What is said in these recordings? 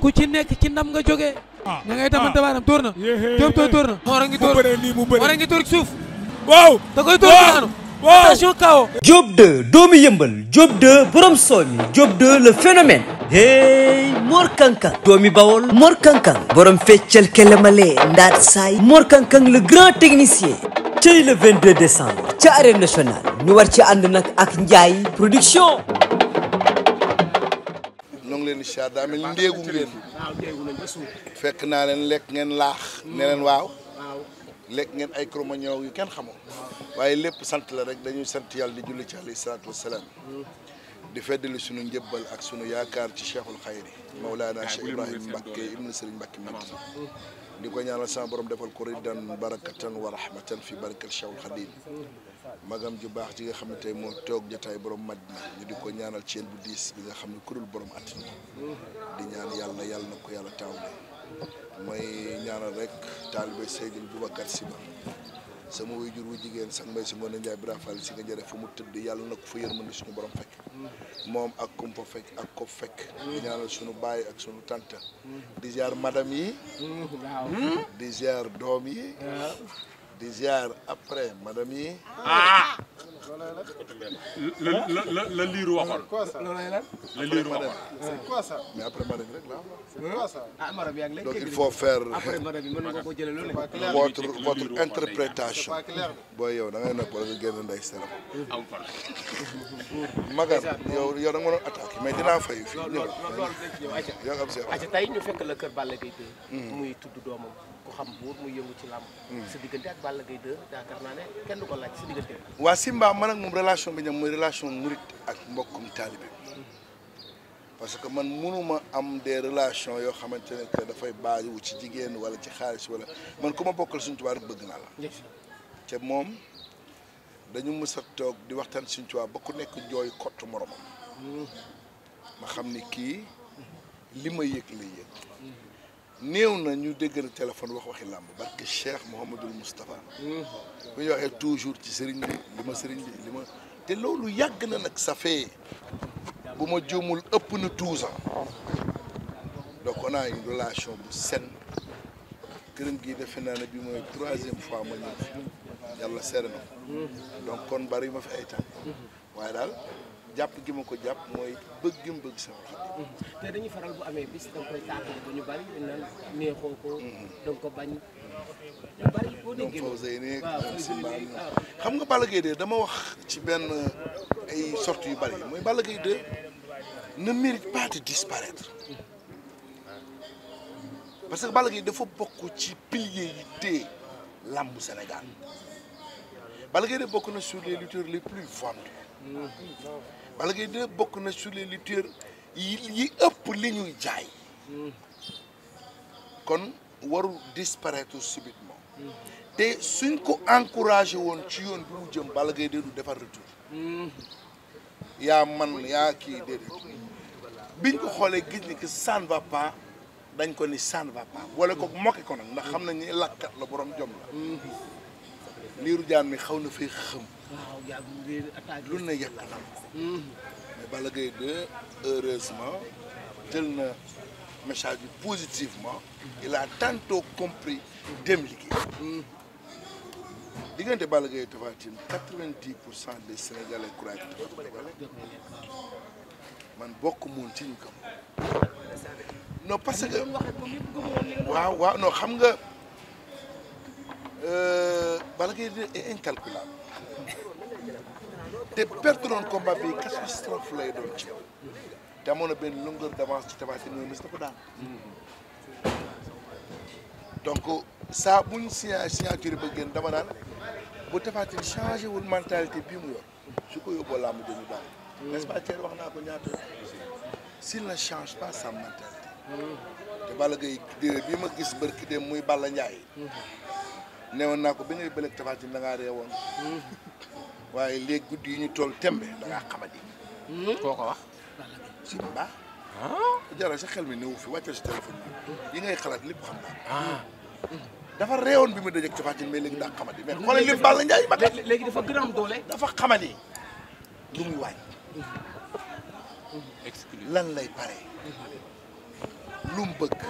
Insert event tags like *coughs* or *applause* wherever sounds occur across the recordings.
ku ci nekk ci nam nga joge ah da ngay damante ah. baaraam door na. Diop tooy door na. Mor a ngi door Mor a ngi door suuf. waaw da koy door daanu. waaw attention kawo. Diop 2 doomu yëmbal Diop 2 borom soomi Diop 2 le phénomène. hey Mor Kankang doomi Bawol Mor Kankang borom feccal kelemale ndaat saay Mor Kankang le grand technicien. cey le 22 décembre ci arène nationale ñu war ci ànd nag ak Ndiaye production. ñoo leen di siyaar daa mel ndéegu ngeen fekk naa leen lekk ngeen laax ne waaw lekk ngeen ay cromagnons yu kenn xamoo waaye lépp sant la rek dañuy sant yàlla di julli ci alayhi salaatu wassalaam mm-hmm. di feddali sunu njëbbal ak sunu yaakaar ci cheikhul xayri Mawlana Cheikh Ibrahim Mbacké ibnu Serigne Mbacké Madina di ko ñaanal sama borom defal ko riddan barakatan wa rahmatan fi barakal cheikhul xadim magam ju baax ji nga xam ne tey moo toog jotaay borom mat ñu di ko ñaanal ci ceen bu diis bi nga xam ne kurul borom attin di ñaan yàlla yàlla na ko yàlla taaw ne mooy ñaanal rek taalibe Seydil Boubacar Sy Ba sama waajur wu jigéen sax mbay si ngoon njaay birafal si nga jëre fu mu tëdd yàlla na ko fa yërmande suñu borom fekk moom ak ak ko fekk di ñaanal suñu baay ak suñu tànt di ziar madame yi di doom yi di ziar après madame yi. ah. la liir la liiru waxoon. la liiru waxoon. c'est quoi ça. mais après madame rek la. c'est jëlee loolu votre votre interprétation. booy yow da ngay nopp wala nga génn ndey seram. Magar yow yow da nga mais dinaa fay fii ñëw. yow am si yow ayca tey ñu fekk la kër Balla Gaye muy tudd doomam. ku xam buur muy yëngu ci làmb. Hmm. sa diggante ak Balla Gaye 2 yaakaar naa ne kenn ko laaj sa diggante. waa Simba man ak moom relation bi ñam mooy relation murit ak mbokkum taalibe hmm. parce que man mënuma am des relations yoo xamante ne que dafay basé ci jigéen wala ci xaalis wala man ku ma bokkal suñu tubaab rek bëgg naa la. te moom dañu mës a toog di waxtaan suñu tubaab ba ku nekk jooy kottu moromam. Hmm. ma xam ni kii li ma yëg lay yëg. néew na ñu déggal téléphone wax waxi làmb barke Cheikh Mouhamadul Moustapha mm-hmm. bu ñu waxee toujours ci sëriñ bi li ma sëriñ li ma te loolu yàgg na nag ça fait bu ma juumul ëpp na douze ans donc on a une relation bu saine këram gii defe naa ne bi mooy troisième fois ma ñëw fi yàlla seere na mm-hmm. donc kon bari ma fi ay temps mm-hmm. waaye daal jàpp gi ma ko jàpp mooy bëgg gi mu bëgg sama xarit. dañuy faral bu amee bis ba ñu bari naan neexoo ko. Mm-hmm. danga ko bañ. ñu bari boo déggee ñoom Fawzey nekk ñoom xam nga Balla Gaye 2 dama wax ci benn ay sorties yu bari mooy Balla Gaye 2 ne mérite pas de parce que Balla Gaye dafa bokk ci piliers yi téye làmbu Sénégal Balla Gaye de bokk na sur les lutteurs les plus vendus. Mm-hmm. Balla bokk na sur les lutteurs yi ëpp li ñuy jaay kon waru disparaître subitement te suñ ko encouragé woon ci yoon bi mu jëm Balla Gaye du defar retour yaa man yaa kii déedéet biñ ko xoolee gis ni que ça ne dañ ko ni ça ne va pas boole ko mokke ko nag ndax xam nañ ni lakkat la borom jom la liiru jaan mi xaw na fee xëm. lu ne yàq na ko. Hmm. mais Balla Gaye 2 heureusement jël na message bi positivement. Hmm. il a tantôt compris dem liggéey. Hmm. diggante Balla Gaye Tapha Tine quatre-vingt-dix pour cent des Sénégalais man bokk moon ci ñu gëm. non parce que waaw waaw non xam nga. Euh, bala ngay di est incalculable te perte doon combat bi catastrophe lay doon ci yow te amoon na benn longueur d'avance ci Tapha Tine mais dafa daan donc changé wul mentalité bii ko daan n'est-ce pas teel wax naa ko ñaata change pas sa mentalité te Balla bi ma gis bërki dem muy Balla Ndiaye newoon naa ko bi ngay bëleeg Tapha Tine da ngaa reewoon waaye léegi guddi yu ñu toll tembe da ngaa xamadi. koo ko wax. Simba. Ah. jaral sa xel mi néew fi wàccal si téléphone yi ngay xalaat lépp xam naa. Ah. dafa reewoon bi mu dajeeg Tapha Tine mais léegi daa xamadi mais xoolal lim Balla Ndiaye ba léegi dafa gën a dafa xamadi lu muy waaj. lan lay pare. lu mu bëgg.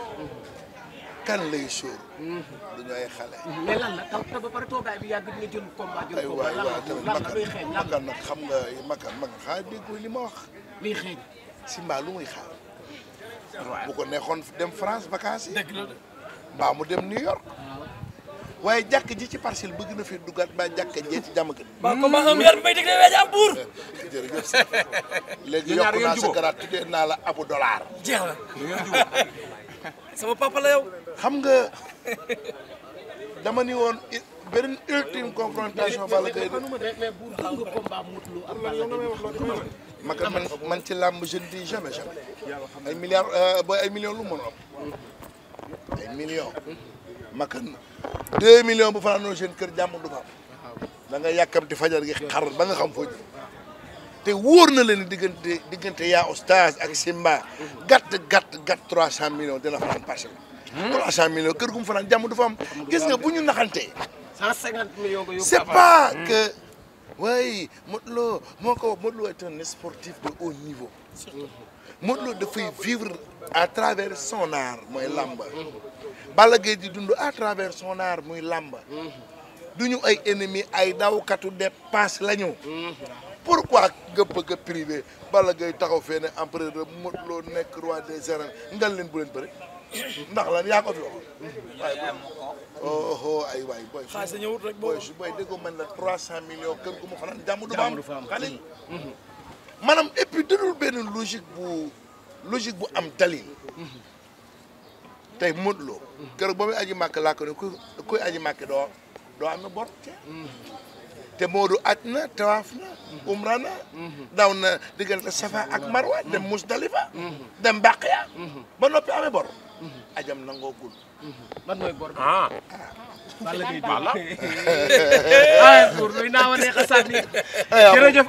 kan lay sóor. du ñu ay xale. mais lan la nga jël xam nga makkan makkan xaar déggoo li ma wax. liy xeeñ. lu muy xaar. bu ko neexoon dem France vacances yi. mbaa mu dem New York. waaye jàkk ji ci parcelle bëgg na fi duggaat mbaa jàkk jee ci jàmm gën. *laughs* buur. *laughs* léegi yokk naa sa garaat tuddee naa la abu dollar. sama papa la xam nga dama ni woon beneen ultime confrontation. Balla Gaye ma man man ci làmb je ne dis jamais jamais ay milliards euh, booy ay millions lu mu mën a am ay millions. ma kan deux million bu fanaanoo seen kër jàmm du fa am da nga yàkkamti fajar gi xar ba nga xam foo ji te wóor na leen diggante diggante yaa oustaz ak Simba gàtt gàtt gàtt trois cent millions dina fanaan parcelle Hmm? trois cent millions kër gu mu fanaan jàmm du fa gis nga bu ñu naxante cent cinquante millions nga yóbbu c'est pas hmm. que waaye Modou Lo moo ko wax Modou Lo sportif de haut niveau hmm. Modou dafay vivre à travers son mooy làmba Balla Gaye di dund à travers sonar mooy muy làmba du ñu ay ennemis ay dawkatu dépense la ñu pourquoi nga bëgg a privé Balla Gaye taxaw fee ne empereur Modou nekk roi des arènes ngal leen bu leen bëri ndax lan yaa ko fi waxoon. waaye ay waay booy. xaalis ñëwut rek booy su booy déggoo man la 300 millions kër gu mu xanaan jàmm du fa am xale mm-hmm. mm-hmm. maanaam et bu am dalil. Mm-hmm. tey Modou Lo. keroog ba muy aji màkk laa ko ku aji màkk doo doo na bor te. te aj na tawaaf na. umra na. daw na diggante Safa ak Marwa. dem Musdalifa dem Baqiya. ba noppi amee bor. ajam nangoo gul. man mooy bor bi ah. Balla Gaye Balla. ah pour luy a neex a sànni.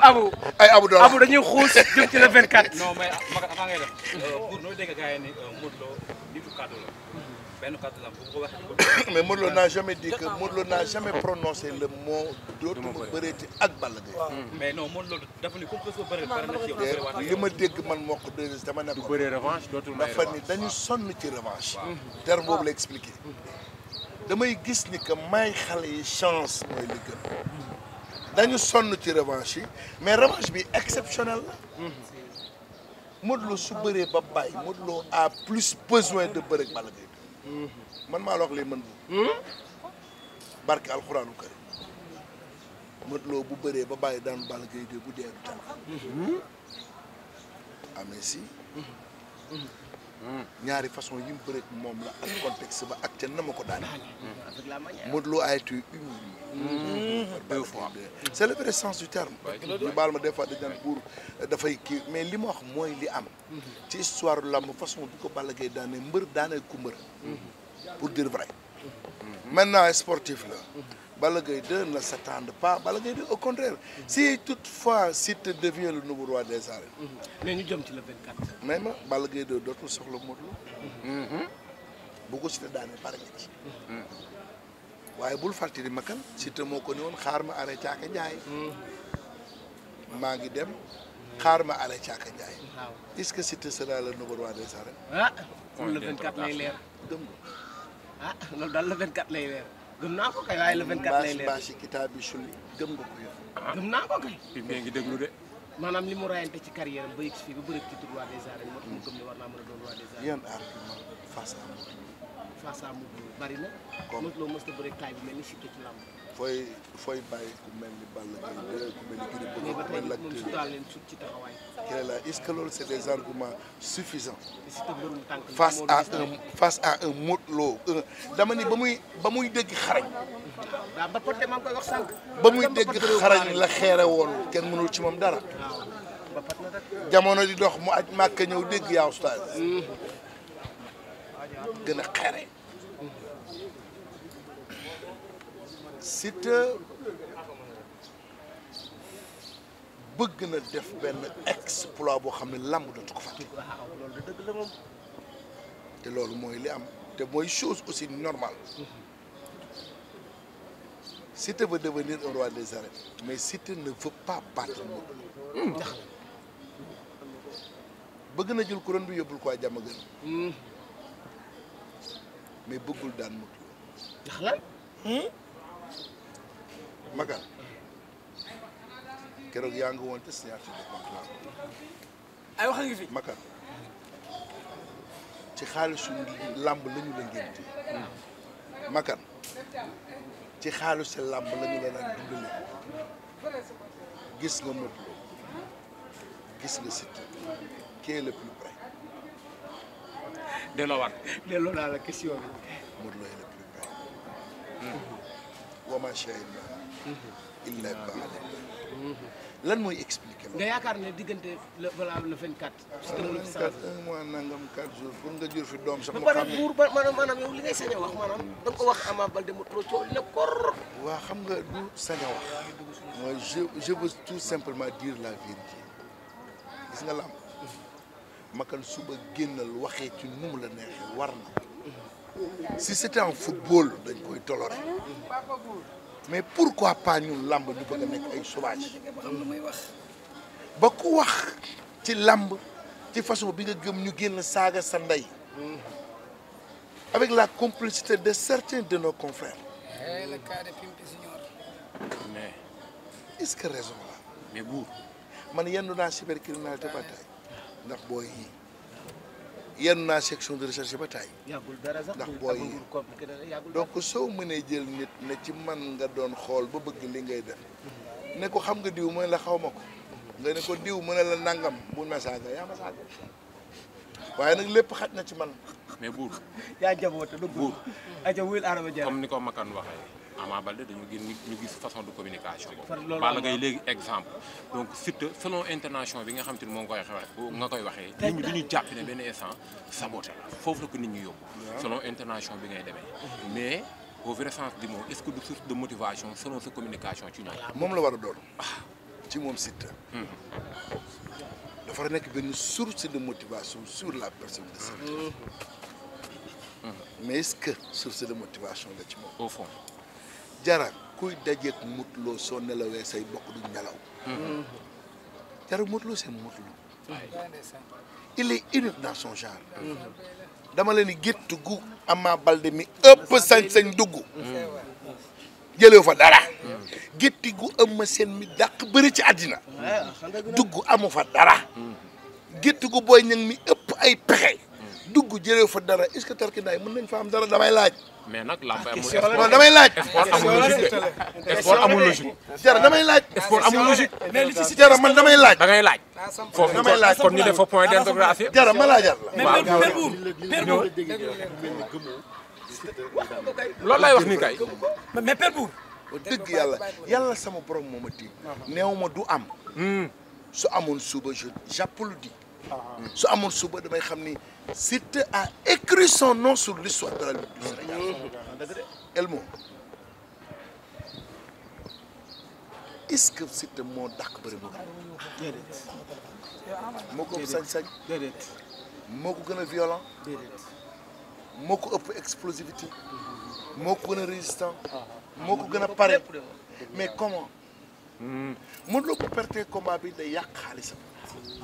Abu ay Abu Dora Abu dañuy xuus jëm ci le 24. non mais avant *coughs* mais Modou Lo n'a jamais dit que Modou n'a jamais prononcé le mot dootuma bëreeti ak Balla mais non Modou Lo dafa ni comme que soo bëree pare na li ma dégg man moo ko déglu dama du bëree revanche dafa ni dañu sonn ci revanche. terme boobu la damay gis ni que may xale yi chance dañu sonn ci revanche yi mais revanche bi exceptionnelle la. Mhm. su bëree ba bàyyi Modou Lo a plus besoin de bëre ak man maa la wax lii mën bu hmm? barke alxuraanu karim Modou Lo bu bëree ba bàyyi daan Balla Gaye bu dee du tan hmm? amee si hmm? ñaari façon yi mu moom la ak contexte ba ak ca na ma ko daane. Modou Lo a été humilié. Mm-hmm. deux le vrai sens du terme. ñu baal ma des fois dañu naan buur dafay kii mais li ma wax mooy li am. Mm-hmm. ci histoire làmb façon bi ko Balla Gaye daane mbër daane ku mbër. Mm-hmm. pour dire vrai. maintenant sportif la. Balla Gaye 2 ne s'attendent pas Balla Gaye 2 au contraire mhm. si toutefois Siteu devient le nouveau roi des arènes. Mhm. ñu jëm ci le 24. mais ma Balla Gaye 2 soxla Modou mhm. bu ko Siteu daanee pare nga ci. waaye bul fàttali ma kan Siteu moo ko ne xaar ma arrêté caaka jaay. maa ngi dem xaar ma arrêté caaka jaay. est que Siteu sera le nouveau roi des arènes. ah le 24 lay lay leer. gëm naa ko kay waaye le 24 lay leer baasi kitaab bi sulli gëm nga ko yow. gëm naa ko kay. fi mu ngi déglu de. maanaam li mu rayante ci carrière am ba yegg fii ba bëri ci roi des arènes moo tax mu gëm ne war naa mën a doon roi des arènes. yan argument face à Modou Lô. face à Modou Lô bari na. comme Modou Lô mës na bëri taay bu mel ni Siteu ci làmb. fooy fooy bàyyi ku mel ni Balla Gaye ku mel ni Gris Bordeaux ku mel ni Lac de Guiers là est-ce que ni ba muy ba muy dégg xarañ ba muy dégg xarañ la xeere woon kenn mënul ci moom dara jamono di dox mu aj màkk ñëw dégg yaa oustaz mm. gën a xeere Siteu bëgg na def benn exploit boo xam ne làmb dootu ko fàtte te loolu mooy li am te mooy chose aussi normale Siteu veut devenir un roi des arènes mais Siteu ne veut pas battre Modou bëgg na jël couronne bi yóbbul ko jàmm gën hmm. mais bëggul daan Modou Lô magal keroog yaa ngi woon te signature de contrat ay wax nga fi magal ci xaalisu làmb la la ngénte magal ci xaalisu làmb la ñu la daan dundale gis nga Modou gis nga Siteu qui le plus près delloo waat delloo naa la question bi Modou le plus près illa baada mhm. lan mooy expliqué loolu. nga yaakaar ne diggante le voilà le 24. si dëgg la saa un mois nangam 4 jours pour nga jur fi doom sax. mu xam a nga ko wax Ama Baldé mu trop coow xam nga du sañ a wax. mooy je je tout simplement dire la vérité gis nga lamb mhm. makan suba génnal waxee ci nu mu la neexee war na si c'était en football dañ koy toléré. Mhm. mais pourquoi pas ñun làmb ñu bëgg a nekk ay sauvage ba ku wax ci làmb ci façon bi nga gëm ñu génn saaga sa ndey avec la complicité de certains de nos confrères eh, le cas de mais est-ce que raison mais buur man yendu naa cybercriminalité ba tey ndax booy yi yenn naa section de recherche ba taay. yàggul dara sax ndax booy yi donc soo mënee jël nit ne ci man nga doon xool ba bëgg li ngay def ne ko xam nga diw mooy la xaw ma ko nga ne ko diw mën na la nangam bu na saaga yaa ma waaye nag lépp xaj na ci man. mais buur. yaa jaboote lu buur. aja wuyul araba comme ni ko Makan waxee. Ama Baldé dañu gën ñu gis façon de communication boobu Balla Gaye léegi exemple donc surtout selon internation bi nga xam te ni moo ngi koy xewee nga koy waxee nit ñi duñu jàpp ne benn instant saboté la foofu la ko nit ñi yóbbu selon internation bi ngay demee mais au vrai sens du mot est-ce que du source de motivation selon sa communication ci ñoom ah, moom la war a doon ah. ci moom Siteu hmm. dafa nekk benn source de motivation sur la personne de Siteu hmm. Hmm. mais est-ce que source de motivation la ci moom au jara kuy dajeeg mutloo soo nelawee say bokk duñ nelaw jara mutloo seen mutloo il est unique dans son genre mm-hmm. dama leen ni gétt gu Ama Baldé mi ëpp sañ-sañ dugg mm-hmm. jëlew fa dara mm-hmm. gétti gu Eumeu Sène mi dàq bëri ci àddina dugg amu fa dara gétt gu Boy Niang mi ëpp ay pexe dugg jëlee fa dara est-ce que tarkindaay mën nañ fa am dara damay laaj. mais nag làmb ah, amul sport damay laaj. jara damay laaj. sport amul logique. mais jara man damay laaj. da ngay laaj. Ah, foofu damay laaj kon ñu def fa point ah, d'interrogation. la. waaw waaw loolu lay wax ni kay. mais Père Bour. dëgg yàlla yàlla sama borom moo ma tiim. néew ma du am. Hmm. su amoon suba je j'applaudis. su amoon suba damay xam ni. Siteu a écrit son nom sur l'histoire de la que Siteu moo dàq bëri bu moo ko gën a violent. déedéet. moo ko ëpp explosivité. Mm-hmm. moo ko gën a résistant. moo ko gën a pare mais comment. Mm-hmm. Modou Lo bu perte combat bi day yàq xaalisam.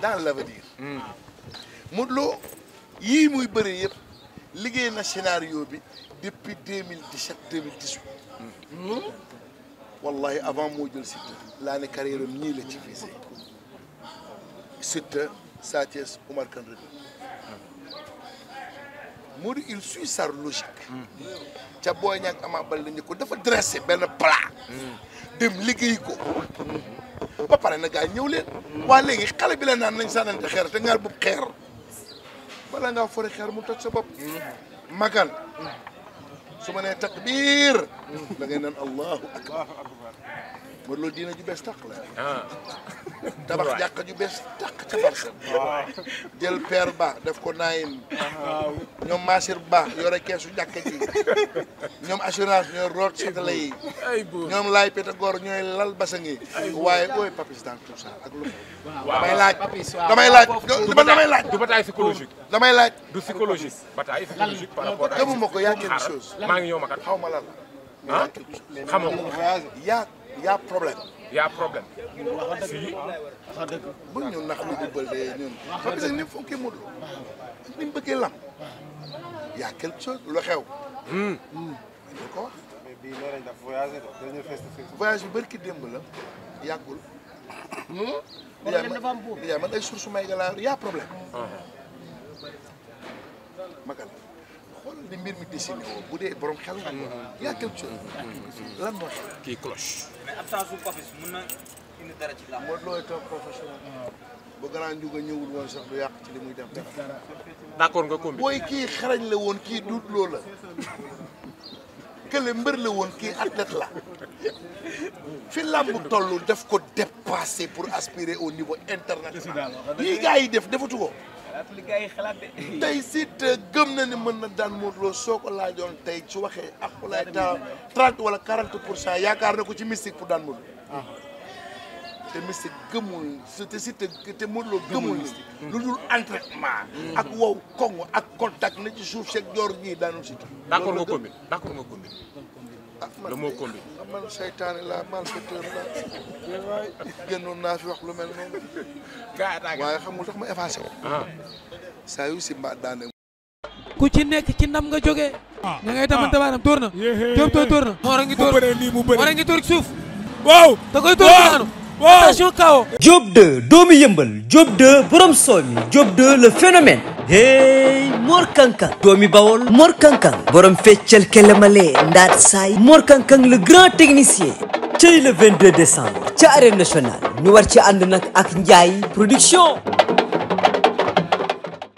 dans l'avenir. Mm-hmm. Modou Lo yii muy bëri yëpp liggéey na scénario bi depuis 2017 2018. Hmm? wallahi avant moo jël Siteu laa ne carrière am ñii la ci visé Siteu Sa Thiès Oumar Kane Reug moo di il suit sa logique hmm. ca Boy Niang Ama Baldé ñu ko dafa dressé benn plat hmm. dem liggéey ko ba pare na gaa ñëw leen waa léegi xale bi la naan nañ sànnante xeer te ngaar bu xeer bala ngaa fori xeer mu toj sa bopp mm-hmm. makan mm-hmm. su ma nee takbiir mm-hmm. da ngay naan allahu akbar ma loolu diina ju bees tàq la ah. tabax jàkka ju bees tàq ca barka jël ba def ko naayim ñoom maasir ba yore keesu jàkka ji ñoom assurance ñooy root satala yi ñoom laay pétagor ñooy lal ba yi waaye ooy papis dans tout ça ak lu damay laaj damay laaj du bataille psychologique damay laaj du psychologique bataille psychologique par rapport gëmuma ko yaa quelque chose maa ma kat ah? yaa yaa problème y' a problème. si. bu ñu nax lu ñu bëggee ñun. parce que ni mu fonkee Modou bëggee lam y' a quelque chose lu xew. Hmm. Hmm. ñu ko wax. bi bari ki démb la yàggul. yaa man ay may nga laa y' a problème. Ah. xoolal mbir mi dessiné borom xel nga y a quelque chose lan kii cloche mais absence su Papis mën na ñëwul woon sax yàq ci li muy def d'accord nga combi booy kii xarañ la woon kii duut loo la mbër la woon kii athlète la fi làmb toll daf ko dépasser pour aspirer au niveau international yii gars yi def defatu ko tey Siteu gëm na ni mën na daan Modou Lo soo ko laajoon tey ci waxee ak ku lay temps wala quarante pour cent yaakaar na ko ci mystique pour daan Modou Lo ah. te mystique gëmul te Siteu te Modou gëmul hmm. lu dul entraînement hmm. ak wow koŋ ak contact na ci suuf seeg joor gii daan Siteu d'accord nga combine d'accord le mot conduit man seytaane la malfaiteur la génnoon naa fi wax lu mel noonu waaye xamul tax ma effacé ko ah. saa yu si mba daane ku ci nekk ci ndam nga jógee ah. nga ngay tamante baaram tóor na jóob tooy tóor na moora ngi tóor moora ngi tóor suuf waaw da koy tóor daanu waaw attention KO. Diop 2 doomu yëmbal Diop borom soomi Diop 2 le phénomène. hey Mor Kankang doomi Bawol Mor Kankang borom feccal kelemale ndaat saay Mor Kankang le grand technicien. cey le 22 décembre ca arène nationale ñu war ci ànd nag ak Ndiaye production.